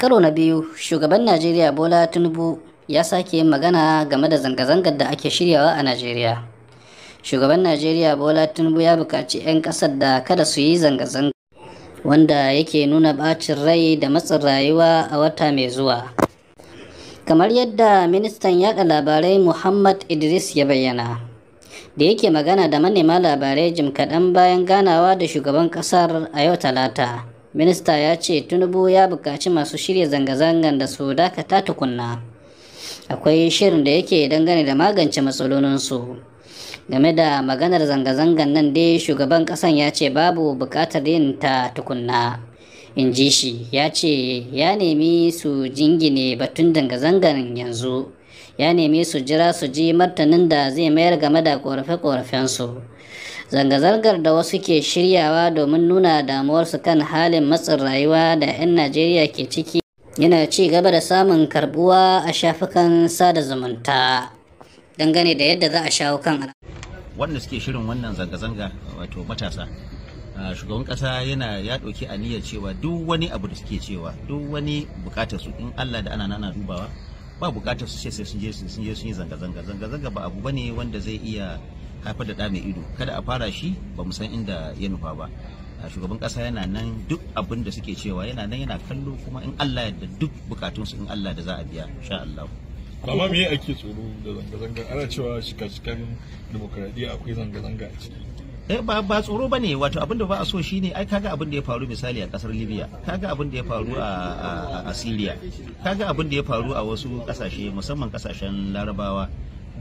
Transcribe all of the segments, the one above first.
karo na biyu shugaban najeriya bola tinubu ya sake yin magana game da zanga-zangar da ake shiryawa a najeriya shugaban najeriya bola tinubu ya buƙaci 'yan ƙasar da kada su yi zanga-zanga wanda yake nuna bacin rai da matsin rayuwa a wata mai zuwa kamar yadda ministan yada labarai muhammad idris ya bayyana da yake magana da manema labarai jim kaɗan bayan ganawa da shugaban ƙasar a yau talata minista ya ce tinubu ya buƙaci masu shirya zanga-zangan da su dakata tukunna akwai shirin da yake dangane da magance matsalolinsu game da maganar zanga-zangan nan dai shugaban ƙasan ya ce babu buƙatar yin ta tukunna in ji shi ya ce ya nemi su jingine batun zanga-zangan yanzu ya nemi su jira su ji martanin da zai mayar game da korafe-korafensu zanga-zangar da wasu ke shiryawa domin nuna damuwarsu kan halin matsin rayuwa da 'yan najeriya ke ciki yana ci gaba da samun karbuwa a shafukan sada zumunta dangane da yadda za a shawo kan wanda suke shirin wannan zanga-zanga wato matasa shugaban kasa yana ya ɗauki aniyar cewa duk wani abu da suke cewa duk wani bukatar su in allah da ana nana dubawa ba bukatar su ce sai sun je sun yi zanga-zanga zanga-zanga ba abu bane wanda zai iya haifar da ɗa mai ido kada a fara shi ba san inda ya nufa ba shugaban kasa yana nan duk abin da suke cewa yana nan yana kallo kuma in Allah yadda duk bukatunsu in Allah da za a biya insha Allah amma me ake tsoro da zanga-zanga ana cewa shika-shikan demokradiyya akwai zanga-zanga a ciki Eh, ba ba tsoro ba ne wato abin da ba a so shine ai kaga abin da ya faru misali a kasar Libya kaga abin da ya faru a a Syria kaga abin da ya faru a wasu kasashe musamman kasashen Larabawa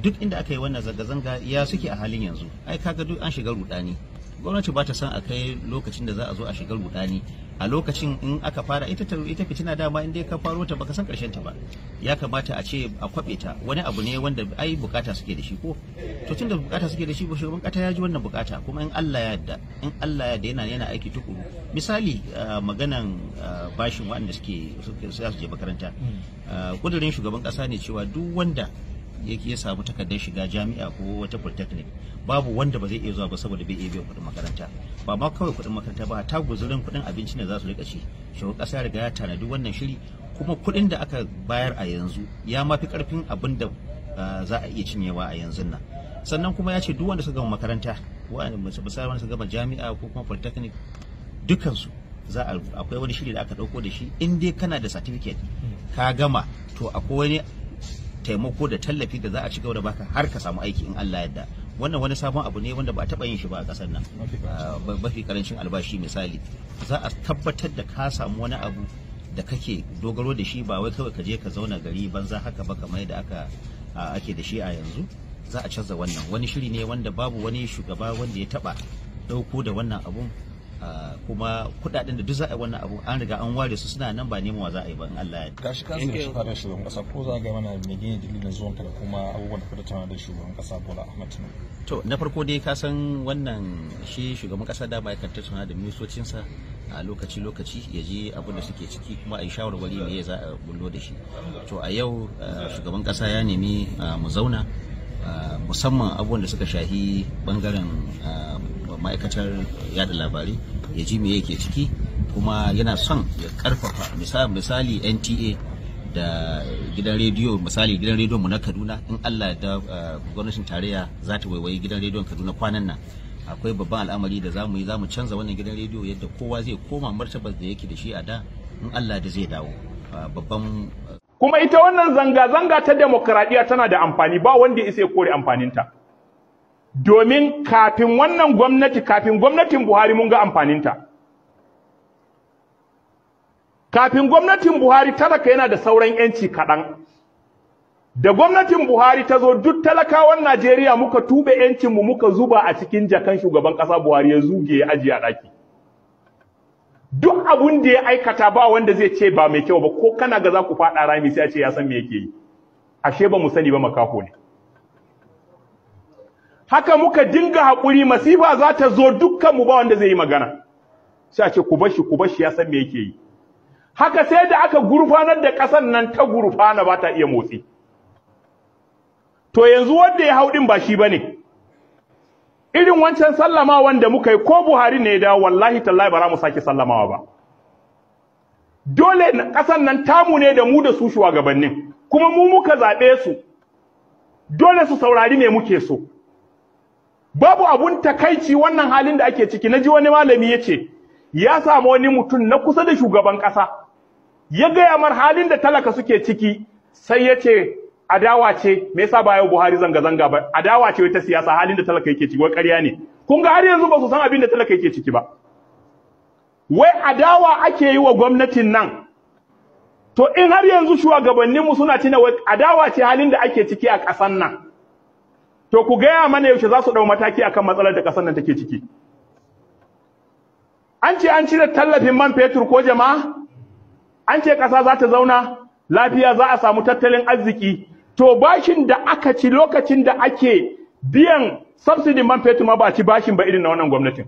duk inda aka yi wannan zanga-zanga ya suke a halin yanzu ai kaga duk an shiga rudani gwamnati ba ta san a kai lokacin da za a zo a shiga rudani a lokacin in aka fara ita ta ita fitina dama in dai ka faro ta baka san karshen ta ba ya kamata a ce a kwabe ta wani abu ne wanda ai bukata suke da shi ko to tunda bukata suke da shi ba shugaban kata ya ji wannan bukata kuma in Allah ya yarda in Allah ya yarda yana yana aiki tukuru misali maganan bashin waɗanda suke suke su je makaranta kudirin mm. shugaban kasa ne cewa duk wanda ya samu takardar shiga jami'a ko wata polytechnic babu wanda ba zai iya zuwa ba saboda bai iya biyan kuɗin makaranta ba ma kawai kuɗin makaranta ba ta guzurin kuɗin abinci ne za su rika ci shugaban ƙasa riga ya tanadi wannan shiri kuma kuɗin da aka bayar a yanzu ya mafi ƙarfin abin da za a iya cinyewa a yanzu nan sannan kuma ya ce duk wanda suka gama makaranta wanda suka gama jami'a ko kuma polytechnic dukansu za a akwai wani shiri da aka dauko da shi in dai kana da certificate ka gama to akwai wani taimako da tallafi da za a ci gaba da baka har ka samu aiki in Allah yadda wannan wani sabon abu ne wanda ba a taɓa yin shi ba a kasar nan mafi karancin ah, albashi misali za a tabbatar da ka samu wani abu da kake dogaro da shi ba wai kawai ka je ka zauna gari banza haka ba kamar da aka ake da shi a yanzu za a canza wannan wani shiri ne wanda babu wani shugaba wanda ya taba dauko da wannan abun kuma kudaden da duk za a yi wannan abu an riga an ware su suna nan ba neman wa za a yi ba in Allah ya gashi kan zai shi fara shugaban kasa ko za ga mana me gine dalilin zuwan ka da kuma abubuwan da kuka tana da shugaban kasa Bola Ahmed Tinubu to na farko dai ka san wannan shi shugaban kasa da ba kanta tana da sa a lokaci lokaci ya je abin da suke ciki kuma a yi shawarwari me za a bullo da shi to a yau shugaban kasa ya nemi mu zauna musamman abubuwan da suka shahi bangaren ma'aikatar yada labarai ya ji me yake ciki kuma yana son ya karfafa misali nta da gidan rediyo misali gidan rediyon mu na kaduna in allah da uh, gwamnatin tarayya za ta waiwayi gidan rediyon kaduna kwanan nan akwai babban al'amari da za mu yi za mu canza wannan gidan rediyo yadda kowa zai koma martabar da yake da shi a da in allah da zai dawo uh, babban uh, kuma ita wannan zanga-zanga ta demokradiyya tana da amfani ba wanda isa ya kore amfaninta domin kafin wannan gwamnati kafin gwamnatin Buhari mun ga ta kafin gwamnatin Buhari talaka yana da sauran yanci kaɗan da gwamnatin Buhari ta zo duk talakawan Najeriya muka tube mu muka zuba a cikin jakan shugaban ƙasa Buhari ya zuge ya ajiya daki duk abun da ya aikata ba wanda zai ce ba mai kyau ba ko kana ga za ku faɗa rami sai a ce ya san me yake yi ashe ba mu sani ba makafo ne haka muka dinga haƙuri masifa za ta zo dukkanmu mu ba wanda zai yi magana sai a ce ku bashi ku bashi ya san me yake yi haka sai da aka gurfanar da ƙasar nan ta gurfana ba ta iya motsi to yanzu wanda ya hau ɗin ba shi bane irin wancan sallama wanda muka yi ko Buhari ne da wallahi tallahi ba za mu sake sallamawa ba dole ƙasar nan tamu ne da mu da su shugabannin kuma mu muka zaɓe su dole su saurari me muke so babu abun takaici wannan halin da ake ciki naji wani malami yace ya samu wani mutum na kusa da shugaban kasa ya gaya mar halin da talaka suke ciki sai yace adawa ce me yasa ba yau Buhari zanga zanga ba adawa ce wata siyasa halin da talaka yake ciki wai ƙarya ne kun ga har yanzu ba su san abin da talaka yake ciki ba wai adawa ake yi wa gwamnatin nan to in har yanzu shugabanninmu suna tuna adawa ce halin da ake ciki a ƙasan nan to ku gaya mana yaushe za su ɗau mataki akan matsalar da ƙasar nan take ciki an ce an cire tallafin man fetur ko jama'a an ce ƙasa za ta zauna lafiya za a samu tattalin arziki to bashin da aka ci lokacin da ake biyan subsidy man fetur ma ba ci bashin ba irin na wannan gwamnatin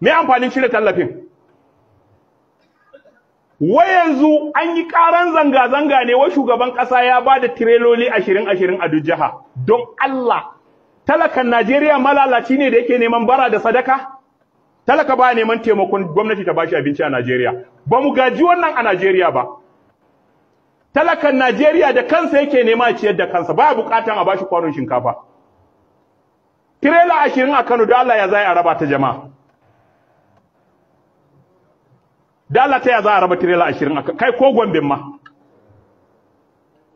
me amfanin cire tallafin wai yanzu an yi karan zanga-zanga ne wa shugaban ƙasa ya ba da tireloli ashirin ashirin a duk don Allah talakan Najeriya malalaci ne da yake neman bara da sadaka talaka ba neman taimakon gwamnati ta bashi abinci a Najeriya ba mu gaji wannan a Najeriya ba talakan Najeriya da kansa yake nema ciyar da kansa ba bukatan a bashi kwanon shinkafa tirela ashirin a Kano da Allah ya zai a raba ta jama'a da Allah ta za a raba tirela ashirin a kai ko Gombe ma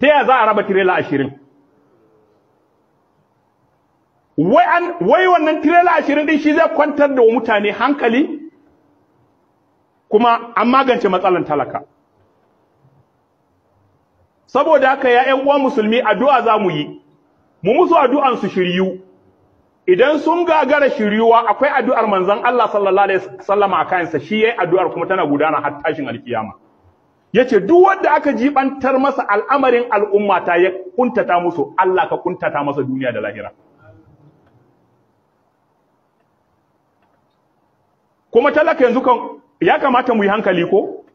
ta za a raba tirela ashirin wai wannan tirela ashirin din shi zai kwantar da mutane hankali kuma an magance matsalan talaka saboda haka ya ƴan uwan musulmi addu'a za mu yi mu musu addu'an su shiryu idan sun gagara shiriwa akwai addu'ar manzon Allah sallallahu alaihi wasallam a kansa shi yayi addu'ar kuma tana gudana har tashin alkiyama yace duk wanda aka jibantar masa al'amarin al'umma ta ya kuntata musu Allah ka kuntata masa duniya da lahira kuma talaka yanzu kan ya kamata mu yi hankali ko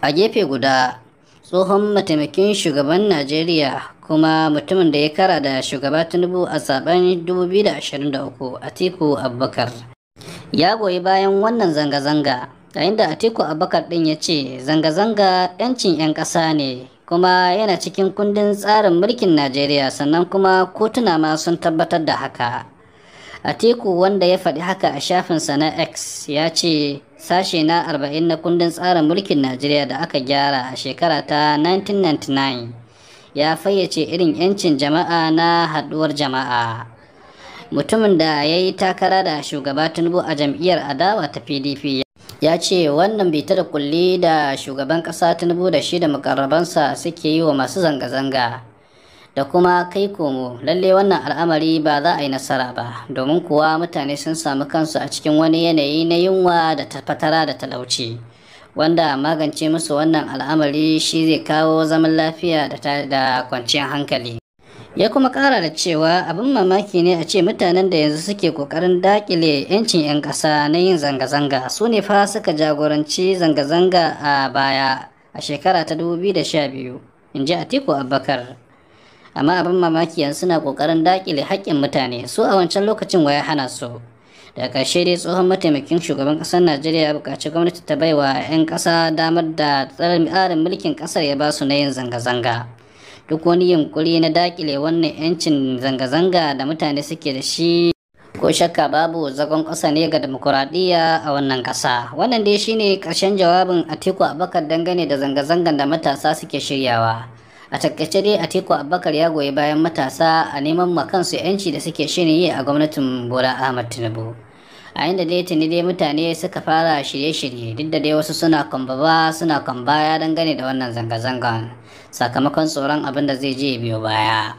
a gefe guda tsohon mataimakin shugaban najeriya kuma mutumin da ya kara da shugaba tinubu a zaben 2023 atiku abubakar ya goyi bayan wannan zanga-zanga A inda atiku abubakar din ya ce zanga-zanga 'yancin 'yan ƙasa ne kuma yana cikin kundin tsarin mulkin najeriya sannan kuma kotuna ma sun tabbatar da haka atiku wanda ya faɗi haka a shafinsa na x ya ce sashe na 40 na kundin tsarin mulkin Najeriya da aka gyara a shekara ta 1999 ya fayyace irin 'yancin jama'a na haduwar jama'a. Mutumin da ya yi takara da shugaba Tinubu a jam'iyyar adawa ta PDP ya ce wannan bai da kulli da shugaban ƙasa Tinubu da shi da mukarrabansa suke yi wa masu zanga-zanga. da kuma kai komo lalle wannan al'amari ba za a yi nasara ba domin kuwa mutane sun samu kansu a cikin wani yanayi na yunwa da fatara da talauci wanda magance musu wannan al'amari shi zai kawo zaman lafiya da kwanciyar hankali ya kuma kara da cewa abin mamaki ne a ce mutanen da yanzu suke kokarin dakile 'yancin 'yan ƙasa na yin zanga-zanga su ne fa suka jagoranci zanga-zanga a baya a shekara ta 2012 in ji atiku abubakar amma abin mamaki yanzu suna kokarin dakile haƙƙin mutane su a wancan lokacin waya hana su da ƙarshe dai tsohon mataimakin shugaban ƙasar najeriya ya buƙaci gwamnati ta bai wa 'yan ƙasa damar da tsarin mulkin ƙasar ya ba su na yin zanga-zanga duk wani yunkuri na dakile wannan 'yancin zanga-zanga da mutane suke da shi ko shakka babu zagon ƙasa ne ga demokuraɗiyya a wannan ƙasa wannan dai shine ƙarshen jawabin atiku abakar dangane da zanga-zangan da matasa suke shiryawa a takaice dai atiku abubakar ya goyi bayan matasa a neman ma makansu yanci da suke shirin yi a gwamnatin bola ahmad tinubu a inda dai tuni dai mutane suka fara shirye-shirye duk da dai wasu suna kambaba suna don dangane da wannan zanga-zangan sakamakon tsoron abin da zai je biyo baya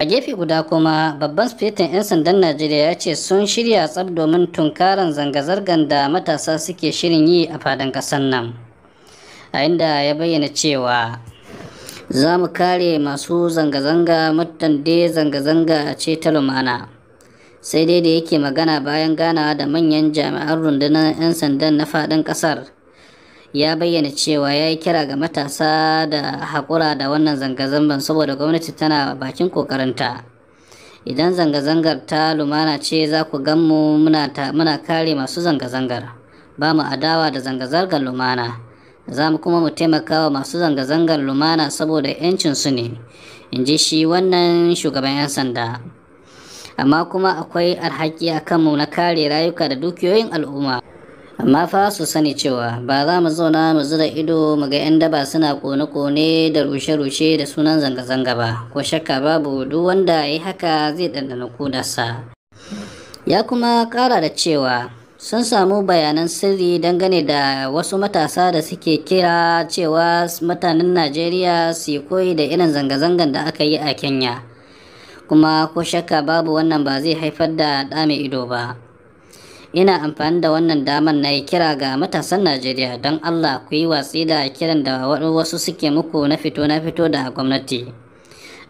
a gefe guda kuma babban sufetin 'yan sandan najeriya ya ce sun shirya tsab domin tunkaran zanga-zangar da matasa suke shirin yi a fadin kasar nan a inda ya bayyana cewa za mu kare masu zanga-zanga mutan zanga-zanga ce ta lumana sai dai da yake magana bayan ganawa da manyan jami'an rundunar 'yan sandan na faɗin ƙasar ya bayyana cewa ya yi kira ga matasa da haƙura da wannan zanga zangar saboda gwamnati tana bakin ƙoƙarinta idan zanga-zangar ta lumana ce za ku gan mu muna kare masu zanga-zangar ba mu adawa da zanga-zangar lumana za mu kuma mu taimaka wa masu zanga-zangar lumana saboda 'yancinsu ne in ji shi wannan shugaban 'yan sanda amma kuma akwai alhaki a kanmu na kare rayuka da dukiyoyin al'umma amma fa su sani cewa ba za mu zauna mu zura ido mu ga 'yan daba suna kone-kone da rushe-rushe da sunan zanga-zanga ba ko shakka babu duk wanda ya yi haka zai ɗanɗana kudarsa ya kuma ƙara da cewa sun samu bayanan sirri dangane da wasu matasa da suke kira cewa mutanen najeriya su koyi da irin zanga-zangan da aka yi a kenya kuma ko shakka babu wannan ba zai haifar da dame ido ba ina amfani da wannan damar na yi kira ga matasan najeriya don allah ku yi watsi da kiran da wasu suke muku na fito na fito da gwamnati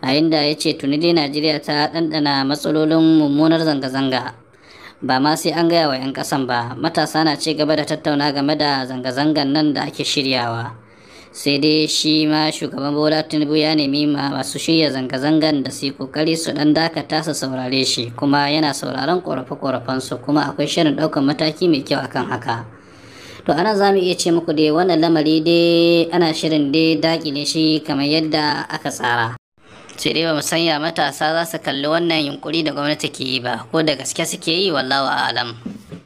a inda ya ce tuni najeriya ta ɗanɗana matsalolin mummunar zanga-zanga ba ma sai an gaya wa 'yan ƙasan ba matasa na ci gaba da tattauna game da zanga-zangan nan da ake shiryawa sai dai shi ma shugaban bola tinubu ya nemi ma masu shirya zanga-zangan da su kokari su dan dakata su saurare shi kuma yana sauraron korafe-korafen su kuma akwai shirin ɗaukar mataki mai kyau akan haka to ana za mu iya ce muku dai wannan lamari dai ana shirin dai dakile shi kamar yadda aka tsara sai dai ba mu sanya matasa za su kalli wannan yunkuri da gwamnati ke yi ba ko da gaske suke yi wallawa alam